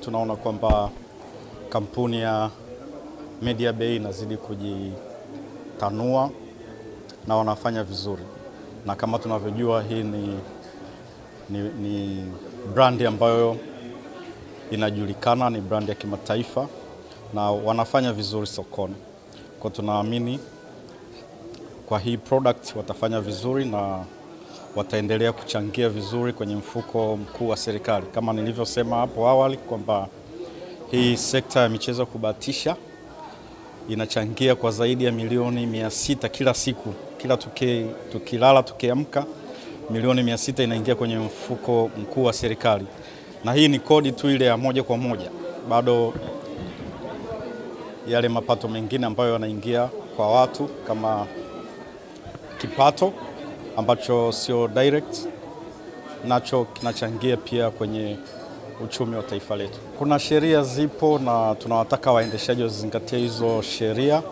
tunaona kwamba kampuni ya Bay inazidi kujitanua na wanafanya vizuri, na kama tunavyojua hii ni, ni, ni brandi ambayo inajulikana, ni brandi ya kimataifa na wanafanya vizuri sokoni, kwa tunaamini kwa hii product watafanya vizuri na wataendelea kuchangia vizuri kwenye mfuko mkuu wa serikali. Kama nilivyosema hapo awali kwamba hii sekta ya michezo kubahatisha inachangia kwa zaidi ya milioni mia sita kila siku, kila tuki, tukilala tukiamka, milioni mia sita inaingia kwenye mfuko mkuu wa serikali, na hii ni kodi tu ile ya moja kwa moja, bado yale mapato mengine ambayo yanaingia kwa watu kama kipato ambacho sio direct, nacho kinachangia pia kwenye uchumi wa taifa letu. Kuna sheria zipo na tunawataka waendeshaji wazingatie hizo sheria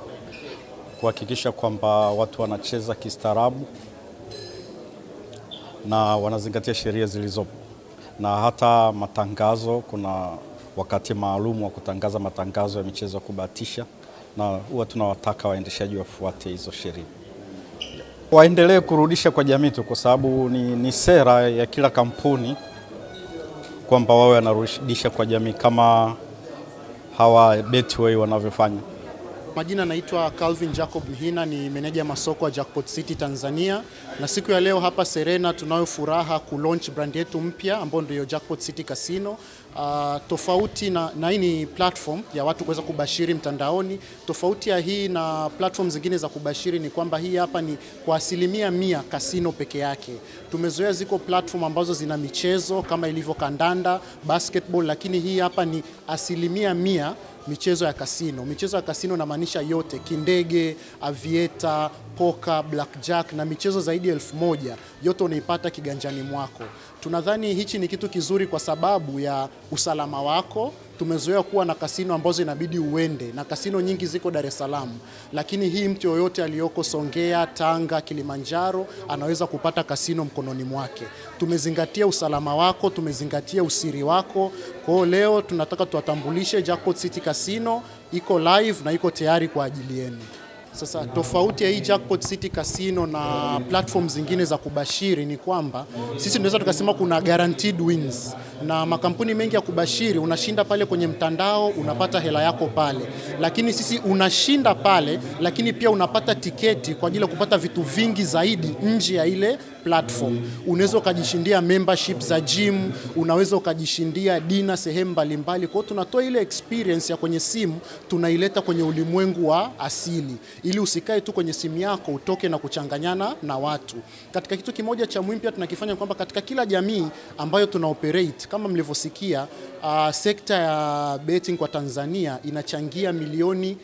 kuhakikisha kwamba watu wanacheza kistaarabu na wanazingatia sheria zilizopo, na hata matangazo, kuna wakati maalum wa kutangaza matangazo ya michezo ya kubahatisha, na huwa tunawataka waendeshaji wafuate hizo sheria waendelee kurudisha kwa jamii tu, kwa sababu ni, ni sera ya kila kampuni kwamba wawe wanarudisha kwa jamii kama hawa Betway wanavyofanya. Majina naitwa Calvin Jacob Mhina, ni meneja masoko wa Jackpot City Tanzania, na siku ya leo hapa Serena tunayo furaha kulaunch brand yetu mpya ambayo ndio Jackpot City Casino. Uh, tofauti na, na hii ni platform ya watu kuweza kubashiri mtandaoni. Tofauti ya hii na platform zingine za kubashiri ni kwamba hii hapa ni kwa asilimia mia kasino peke yake. Tumezoea ziko platform ambazo zina michezo kama ilivyo kandanda, basketball, lakini hii hapa ni asilimia mia michezo ya kasino. Michezo ya kasino na inajumuisha yote: kindege, avieta, poka, blackjack na michezo zaidi ya elfu moja. Yote unaipata kiganjani mwako. Tunadhani hichi ni kitu kizuri kwa sababu ya usalama wako tumezoea kuwa na kasino ambazo inabidi uende na kasino nyingi ziko Dar es Salaam, lakini hii mtu yoyote aliyoko Songea, Tanga, Kilimanjaro anaweza kupata kasino mkononi mwake. Tumezingatia usalama wako, tumezingatia usiri wako. Kwa hiyo leo tunataka tuwatambulishe Jackpot City Casino iko live na iko tayari kwa ajili yenu. Sasa tofauti ya hii Jackpot City Casino na platform zingine za kubashiri ni kwamba sisi tunaweza tukasema kuna guaranteed wins na makampuni mengi ya kubashiri, unashinda pale kwenye mtandao unapata hela yako pale, lakini sisi unashinda pale, lakini pia unapata tiketi kwa ajili ya kupata vitu vingi zaidi nje ya ile platform. Unaweza ukajishindia membership za gym, unaweza ukajishindia dina sehemu mbalimbali. Kwa hiyo tunatoa ile experience ya kwenye simu tunaileta kwenye ulimwengu wa asili, ili usikae tu kwenye simu yako utoke na kuchanganyana na watu. Katika kitu kimoja cha muhimu pia tunakifanya kwamba katika kila jamii ambayo tuna operate kama mlivyosikia, uh, sekta ya betting kwa Tanzania inachangia milioni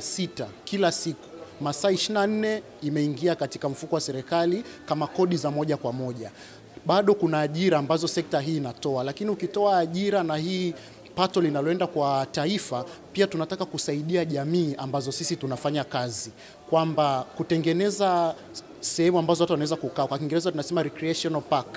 sita kila siku masaa 24 imeingia katika mfuko wa serikali kama kodi za moja kwa moja. Bado kuna ajira ambazo sekta hii inatoa, lakini ukitoa ajira na hii pato linaloenda kwa taifa, pia tunataka kusaidia jamii ambazo sisi tunafanya kazi, kwamba kutengeneza sehemu ambazo watu wanaweza kukaa, kwa Kiingereza tunasema recreational park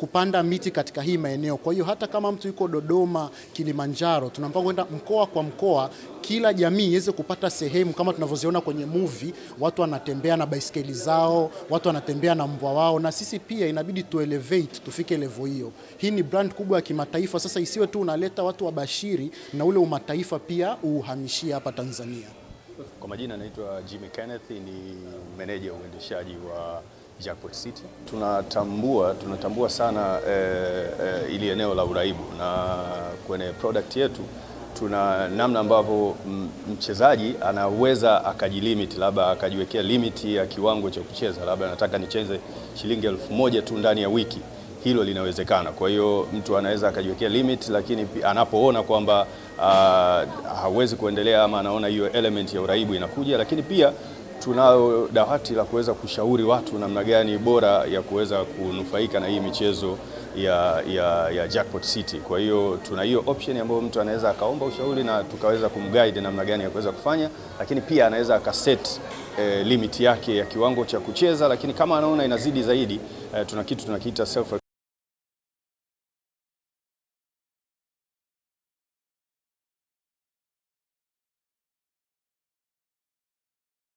kupanda miti katika hii maeneo. Kwa hiyo hata kama mtu yuko Dodoma, Kilimanjaro, tuna mpango kwenda mkoa kwa mkoa, kila jamii iweze kupata sehemu kama tunavyoziona kwenye movie, watu wanatembea na baiskeli zao, watu wanatembea na mbwa wao, na sisi pia inabidi tu elevate, tufike level hiyo. Hii ni brand kubwa ya kimataifa, sasa isiwe tu unaleta watu wabashiri, na ule umataifa pia uhamishie hapa Tanzania. Kwa majina anaitwa Jimmy Kenneth, ni meneja uendeshaji wa Jackpot City. Tunatambua, tunatambua sana e, e, ili eneo la uraibu na kwenye product yetu tuna namna ambavyo mchezaji anaweza akajilimit, labda akajiwekea limiti ya kiwango cha kucheza, labda anataka nicheze shilingi elfu moja tu ndani ya wiki hilo linawezekana. Kwa hiyo mtu anaweza akajiwekea limit, lakini anapoona kwamba ah, hawezi kuendelea ama anaona hiyo element ya uraibu inakuja, lakini pia tunayo dawati la kuweza kushauri watu namna gani bora ya kuweza kunufaika na hii michezo ya, ya, ya Jackpot City. Kwa hiyo tuna hiyo option ambayo mtu anaweza akaomba ushauri na tukaweza kumguide namna gani ya kuweza kufanya, lakini pia anaweza akaset eh, limit yake ya kiwango cha kucheza, lakini kama anaona inazidi zaidi eh, tuna kitu tunakiita self